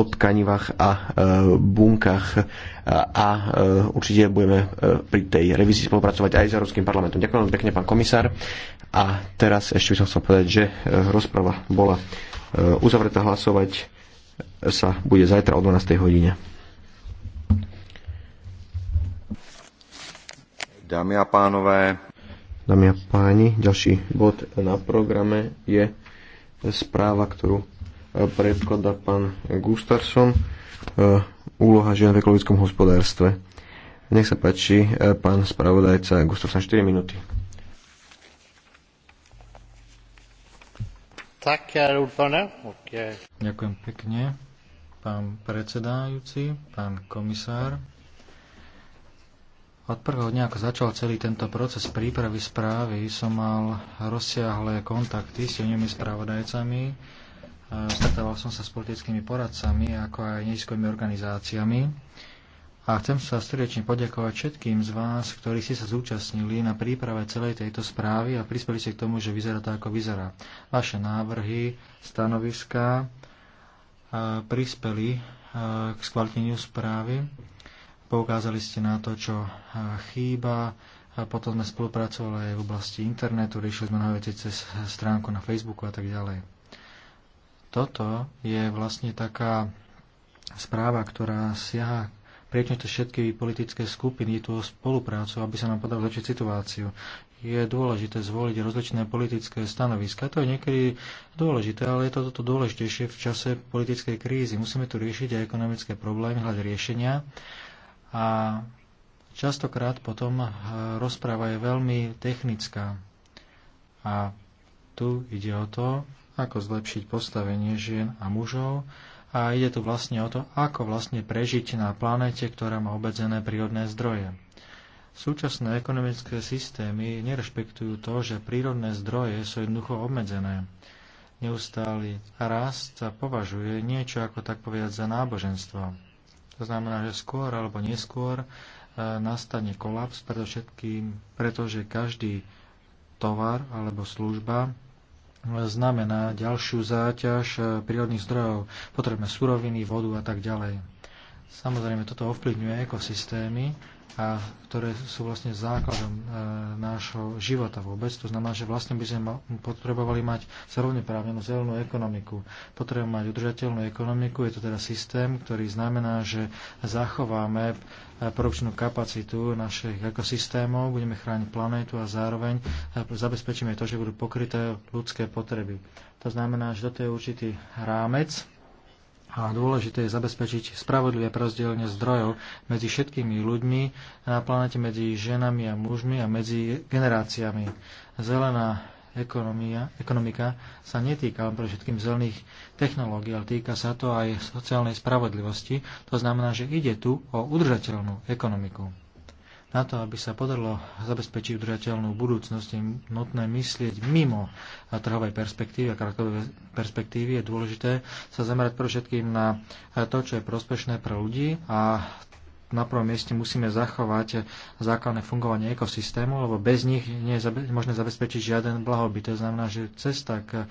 o tkanivách a e, bunkách a e, určite budeme e, pri tej revízii spolupracovať aj s Európskym parlamentom. Ďakujem veľmi pekne, pán komisár. A teraz ešte by som chcel povedať, že rozprava bola uzavretá hlasovať sa bude zajtra o 12. hodine. Dámy a pánové. Dámy a páni, ďalší bod na programe je správa, ktorú predkladá pán Gustafsson e, úloha žien v ekologickom hospodárstve. Nech sa páči, e, pán spravodajca Gustafsson, 4 minúty. Ďakujem pekne, pán predsedajúci, pán komisár. Od prvého dňa, ako začal celý tento proces prípravy správy, som mal rozsiahle kontakty s inými spravodajcami, stretával som sa s politickými poradcami, ako aj neziskovými organizáciami. A chcem sa srdečne poďakovať všetkým z vás, ktorí ste sa zúčastnili na príprave celej tejto správy a prispeli ste k tomu, že vyzerá to, ako vyzerá. Vaše návrhy, stanoviská prispeli k skvalitneniu správy. Poukázali ste na to, čo chýba, a potom sme spolupracovali aj v oblasti internetu, riešili sme nové cez stránku na Facebooku a tak ďalej. Toto je vlastne taká správa, ktorá siaha priečne to všetky politické skupiny, tú spoluprácu, aby sa nám podal zlepšiť situáciu. Je dôležité zvoliť rozličné politické stanoviska. To je niekedy dôležité, ale je to toto dôležitejšie v čase politickej krízy. Musíme tu riešiť aj ekonomické problémy, hľadať riešenia. A častokrát potom eh, rozpráva je veľmi technická. A tu ide o to, ako zlepšiť postavenie žien a mužov a ide tu vlastne o to, ako vlastne prežiť na planéte, ktorá má obmedzené prírodné zdroje. Súčasné ekonomické systémy nerešpektujú to, že prírodné zdroje sú jednoducho obmedzené. Neustály rast sa považuje niečo ako tak povedať za náboženstvo. To znamená, že skôr alebo neskôr e, nastane kolaps, predovšetkým pretože každý tovar alebo služba znamená ďalšiu záťaž e, prírodných zdrojov. Potrebujeme suroviny, vodu a tak ďalej. Samozrejme, toto ovplyvňuje ekosystémy a ktoré sú vlastne základom e, nášho života vôbec. To znamená, že vlastne by sme ma, potrebovali mať zrovneprávnenú zelenú ekonomiku. Potrebujeme mať udržateľnú ekonomiku, je to teda systém, ktorý znamená, že zachováme e, produkčnú kapacitu našich ekosystémov, budeme chrániť planétu a zároveň e, zabezpečíme to, že budú pokryté ľudské potreby. To znamená, že toto je určitý rámec, a dôležité je zabezpečiť spravodlivé prozdelenie zdrojov medzi všetkými ľuďmi na planete, medzi ženami a mužmi a medzi generáciami. Zelená ekonomia, ekonomika sa netýka len pre všetkým zelených technológií, ale týka sa to aj sociálnej spravodlivosti. To znamená, že ide tu o udržateľnú ekonomiku. Na to, aby sa podarilo zabezpečiť udržateľnú budúcnosť, je nutné myslieť mimo trhovej perspektívy a krátkodobej perspektívy. Je dôležité sa zamerať pre všetkým na to, čo je prospešné pre ľudí a na prvom mieste musíme zachovať základné fungovanie ekosystému, lebo bez nich nie je možné zabezpečiť žiaden blahobyt. To znamená, že cesta k e,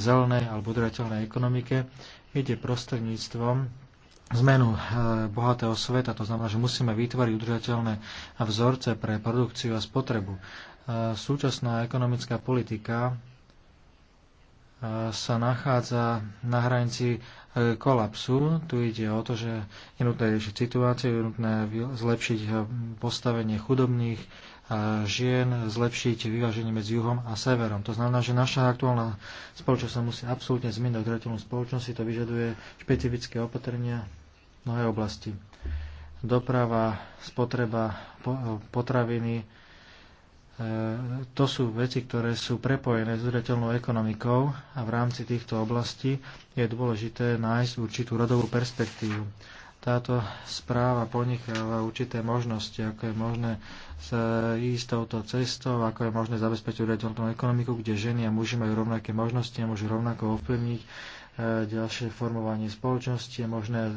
zelenej alebo udržateľnej ekonomike ide prostredníctvom zmenu eh, bohatého sveta. To znamená, že musíme vytvoriť udržateľné vzorce pre produkciu a spotrebu. Eh, súčasná ekonomická politika eh, sa nachádza na hranici kolapsu. Tu ide o to, že je nutné riešiť situáciu, je nutné zlepšiť postavenie chudobných žien, zlepšiť vyváženie medzi juhom a severom. To znamená, že naša aktuálna spoločnosť sa musí absolútne zmeniť do spoločnosti. To vyžaduje špecifické opatrenia mnohé oblasti. Doprava, spotreba potraviny, e, to sú veci, ktoré sú prepojené s udržateľnou ekonomikou a v rámci týchto oblastí je dôležité nájsť určitú rodovú perspektívu. Táto správa ponecháva určité možnosti, ako je možné sa ísť touto cestou, ako je možné zabezpečiť udateľnú ekonomiku, kde ženy a muži majú rovnaké možnosti a môžu rovnako ovplyvniť e, ďalšie formovanie spoločnosti, je možné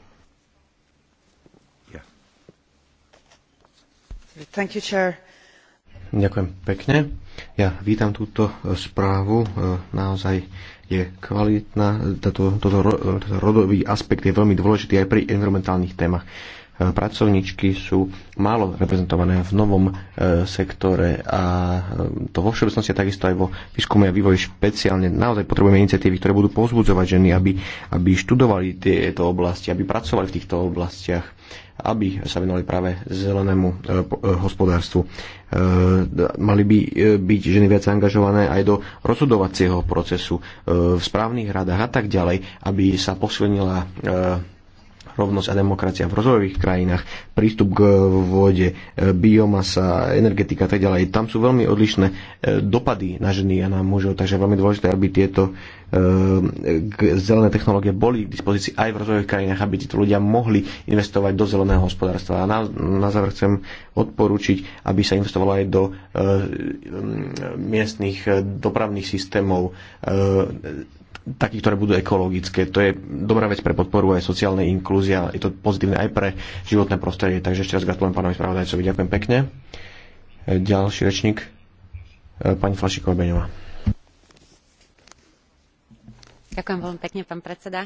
Thank you, chair. Ďakujem pekne. Ja vítam túto správu. E, naozaj je kvalitná. Toto, toto, e, toto rodový aspekt je veľmi dôležitý aj pri environmentálnych témach pracovničky sú málo reprezentované v novom e, sektore a e, to vo všeobecnosti takisto aj vo výskume a vývoji špeciálne. Naozaj potrebujeme iniciatívy, ktoré budú povzbudzovať ženy, aby, aby študovali tieto oblasti, aby pracovali v týchto oblastiach aby sa venovali práve zelenému e, hospodárstvu. Mali by byť ženy viac angažované aj do rozhodovacieho procesu v správnych radách a tak ďalej, aby sa posilnila rovnosť a demokracia v rozvojových krajinách, prístup k vode, e, biomasa, energetika a tak ďalej. Tam sú veľmi odlišné e, dopady na ženy a na mužov, takže je veľmi dôležité, aby tieto e, zelené technológie boli k dispozícii aj v rozvojových krajinách, aby títo ľudia mohli investovať do zeleného hospodárstva. A na, na záver chcem odporúčiť, aby sa investovalo aj do miestných dopravných systémov, Takí, ktoré budú ekologické. To je dobrá vec pre podporu aj sociálnej inklúzie, je to pozitívne aj pre životné prostredie. Takže ešte raz gratulujem pánovi spravodajcovi, ďakujem pekne. E, ďalší rečník, e, pani Flašiková Beňová. Ďakujem veľmi pekne, pán predseda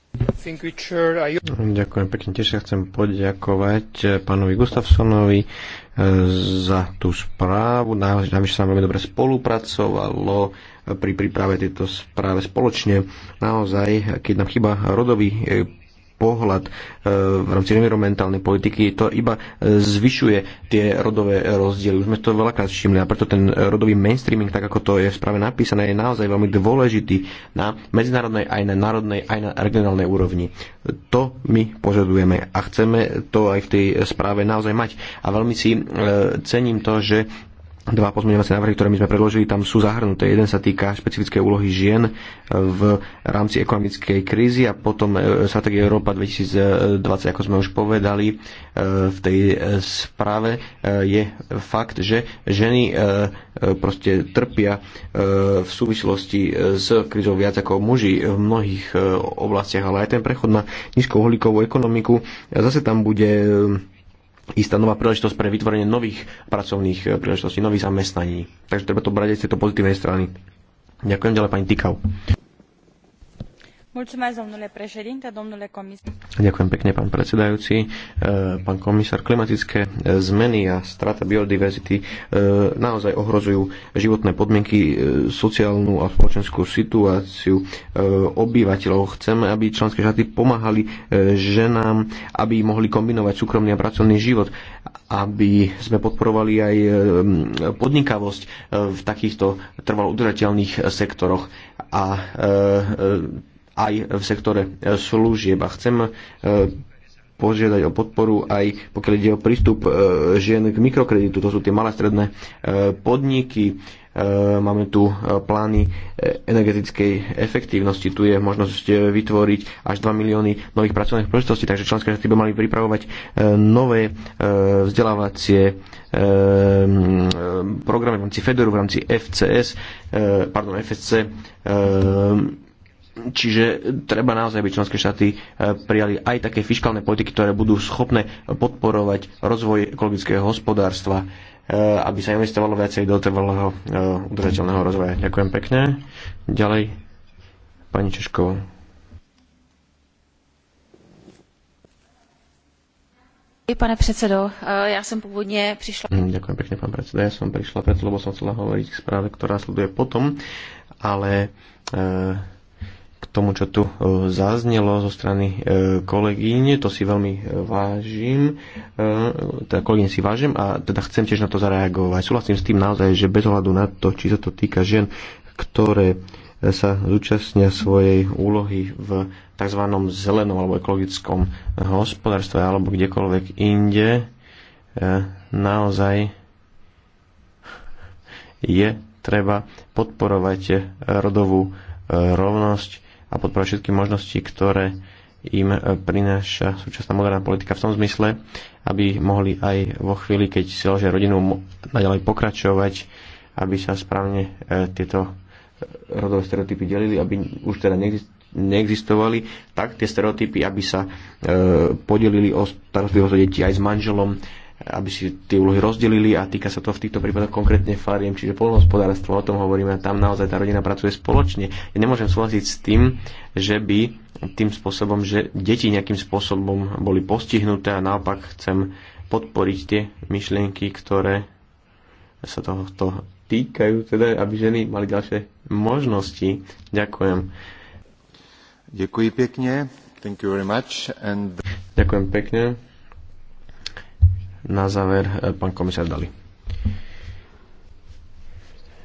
Ďakujem pekne, tiež sa chcem poďakovať eh, pánovi Gustafsonovi eh, za tú správu. Navyše sa veľmi dobre spolupracovalo eh, pri príprave tejto správe spoločne. Naozaj, keď nám chýba rodový pohľad e, v rámci environmentálnej politiky, to iba e, zvyšuje tie rodové rozdiely. Už sme to veľakrát všimli a preto ten rodový mainstreaming, tak ako to je v správe napísané, je naozaj veľmi dôležitý na medzinárodnej, aj na národnej, aj na regionálnej úrovni. To my požadujeme a chceme to aj v tej správe naozaj mať. A veľmi si e, cením to, že dva pozmeňovacie návrhy, ktoré my sme predložili, tam sú zahrnuté. Jeden sa týka špecifické úlohy žien v rámci ekonomickej krízy a potom e, stratégia Európa 2020, ako sme už povedali e, v tej e, správe, je fakt, že ženy proste trpia v súvislosti s krízou viac ako muži v mnohých oblastiach, ale aj ten prechod na nízkouhlíkovú ekonomiku, zase tam bude istá nová príležitosť pre vytvorenie nových pracovných eh, príležitostí, nových zamestnaní. Takže treba to brať aj z tejto pozitívnej strany. Ďakujem ďalej pani Tikau. Ďakujem pekne, pán predsedajúci. E, pán komisár, klimatické e, zmeny a strata biodiverzity e, naozaj ohrozujú životné podmienky, sociálnu a spoločenskú situáciu obyvateľov. Chceme, aby členské štáty pomáhali ženám, aby mohli kombinovať súkromný a pracovný život, aby sme podporovali aj podnikavosť v takýchto trvalo udržateľných sektoroch a aj v sektore e, služieb. A chcem e, požiadať o podporu aj pokiaľ ide o prístup e, žien k mikrokreditu. To sú tie malé stredné podniky. Máme tu plány energetickej efektívnosti. Tu je možnosť vytvoriť až 2 milióny nových pracovných príležitostí, takže členské štáty by mali pripravovať nové vzdelávacie programy v rámci Federu, v rámci FCS, pardon, FSC Čiže treba naozaj, aby členské štáty e, prijali aj také fiskálne politiky, ktoré budú schopné podporovať rozvoj ekologického hospodárstva, e, aby sa investovalo viacej do trvalého e, udržateľného rozvoja. Ďakujem pekne. Ďalej, pani Češková. Pane předsedo, já jsem původně prišla... Mm, ďakujem pekne, pán predseda. Ja som prišla preto, lebo som chcela hovoriť k zprávě, ktorá sleduje potom, ale tomu, čo tu e, zaznelo zo strany e, kolegyň. To si veľmi e, vážim, teda kolegyne si vážim a teda chcem tiež na to zareagovať. Súhlasím s tým naozaj, že bez ohľadu na to, či sa to týka žien, ktoré sa zúčastnia svojej úlohy v tzv. zelenom alebo ekologickom hospodárstve alebo kdekoľvek inde, naozaj je treba podporovať rodovú rovnosť a podporovať všetky možnosti, ktoré im prináša súčasná moderná politika v tom zmysle, aby mohli aj vo chvíli, keď si ložia rodinu, naďalej pokračovať, aby sa správne e, tieto e, rodové stereotypy delili, aby už teda neexistovali, tak tie stereotypy, aby sa e, podelili o starostlivosť o deti aj s manželom, aby si tie úlohy rozdelili a týka sa to v týchto prípadoch konkrétne fariem, čiže polnohospodárstvo, o tom hovoríme, a tam naozaj tá rodina pracuje spoločne. Ja nemôžem súhlasiť s tým, že by tým spôsobom, že deti nejakým spôsobom boli postihnuté a naopak chcem podporiť tie myšlienky, ktoré sa toho týkajú, teda aby ženy mali ďalšie možnosti. Ďakujem. Ďakujem pekne. Thank you very much. And... Ďakujem pekne na záver e, pán komisár Dali.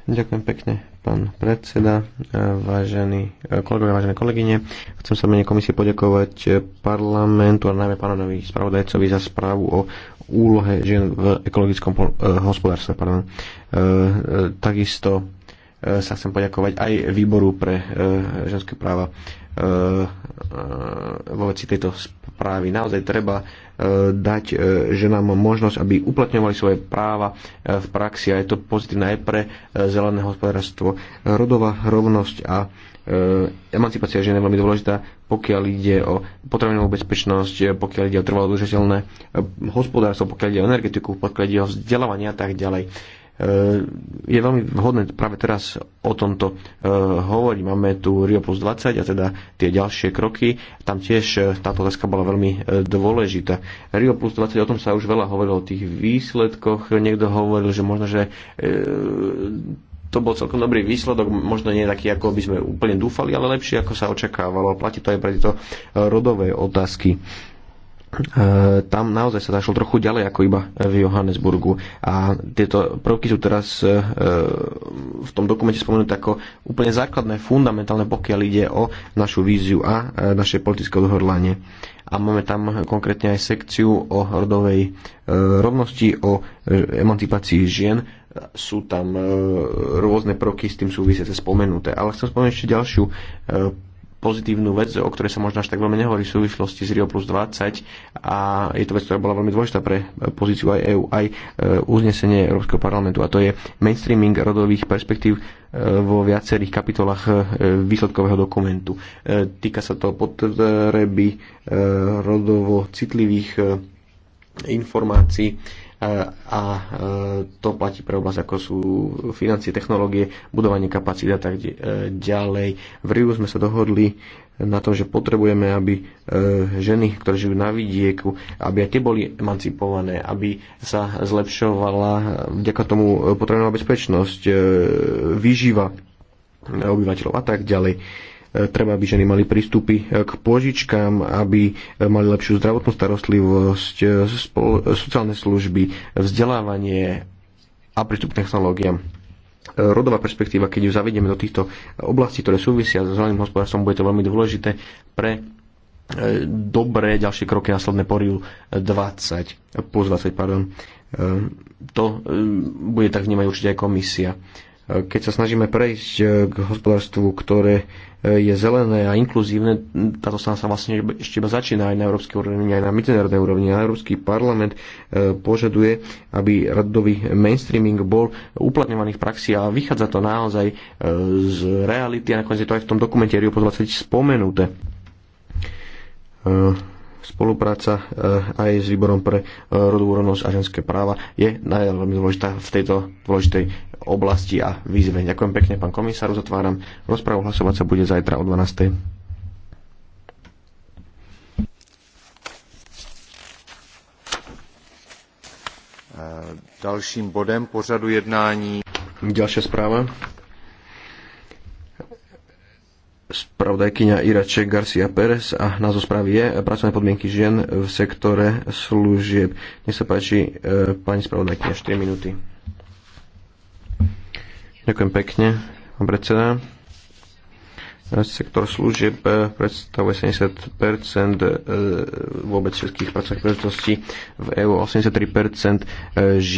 Ďakujem pekne, pán predseda, e, vážení e, kolegovia, vážené kolegyne. Chcem sa menej komisie poďakovať parlamentu a najmä pánovi spravodajcovi za správu o úlohe žien v ekologickom hospodárstve. Pardon. Takisto E, sa chcem poďakovať aj výboru pre e, ženské práva e, vo veci tejto správy. Naozaj treba dať ženám možnosť, aby uplatňovali svoje práva v praxi a je to pozitívne aj pre zelené hospodárstvo. Rodová rovnosť a emancipácia žien je veľmi dôležitá, pokiaľ ide o potravinovú bezpečnosť, pokiaľ ide o trvalo udržateľné hospodárstvo, pokiaľ ide o energetiku, pokiaľ ide o vzdelávanie a tak ďalej. Eh, je veľmi vhodné práve teraz o tomto eh, hovoriť. Máme tu Rio plus 20 a teda tie ďalšie kroky. Tam tiež eh, táto otázka bola veľmi dôležitá. Rio plus 20, o tom sa už veľa hovorilo, o tých výsledkoch. Niekto hovoril, že možno, že to bol celkom dobrý výsledok, možno nie taký, ako by sme úplne dúfali, ale lepšie, ako sa očakávalo. Platí to aj pre tieto rodové otázky. E, tam naozaj sa zašlo trochu ďalej ako iba v Johannesburgu. A tieto prvky sú teraz e, v tom dokumente spomenuté ako úplne základné, fundamentálne, pokiaľ ide o našu víziu a e, naše politické odhodlanie. A máme tam konkrétne aj sekciu o rodovej rovnosti, o emancipácii žien. Sú tam rôzne prvky s tým súvisiace spomenuté. Ale chcem spomenúť ešte ďalšiu pozitívnu vec, o ktorej sa možno až tak veľmi nehovorí v súvislosti s Rio plus 20 a je to vec, ktorá bola veľmi dôležitá pre eh, pozíciu aj EÚ, aj eh, uznesenie Európskeho parlamentu a to je mainstreaming rodových perspektív eh, vo viacerých kapitolách výsledkového dokumentu. Týka sa to potreby rodovo citlivých informácií Eh, a eh, to platí pre oblasť, ako sú financie, technológie, budovanie kapacít a tak eh, ďalej. V Riu sme sa dohodli na tom, že potrebujeme, aby ženy, ktoré žijú na vidieku, aby aj tie boli emancipované, aby sa zlepšovala vďaka tomu potrebná bezpečnosť, výživa obyvateľov a tak ďalej Treba, aby ženy mali prístupy eh, k požičkám, aby eh, mali lepšiu zdravotnú starostlivosť, eh, sociálne služby, vzdelávanie a prístup k technológiám rodová perspektíva, keď ju zavedieme do týchto oblastí, ktoré súvisia s zeleným hospodárstvom, bude to veľmi dôležité pre dobré ďalšie kroky následné po 20, plus 20, pardon. To bude tak vnímať určite aj komisia keď sa snažíme prejsť e, k hospodárstvu, ktoré e, je zelené a inkluzívne, táto sa vlastne ešte iba začína aj na európskej úrovni, aj na medzinárodnej úrovni. A Európsky parlament e, požaduje, aby radový mainstreaming bol uplatňovaný v praxi a vychádza to naozaj z reality a nakoniec je to aj v tom dokumente Rio 20 spomenuté spolupráca eh, aj s výborom pre eh, rodovú rovnosť a ženské práva je veľmi dôležitá v tejto dôležitej oblasti a výzve. Ďakujem pekne, pán komisár, uzatváram Rozprávu hlasovať sa bude zajtra o 12. .00. Dalším bodem pořadu jednání. Ďalšia správa. spravodajkyňa Irače Garcia Pérez a názov správy je pracovné podmienky žien v sektore služieb. Nech sa páči, e, pani spravodajkyňa, 4 minúty. Ďakujem pekne, pán predseda. E, sektor služieb e, predstavuje 70 vôbec všetkých pracovných príležitostí v EU, 83 žien.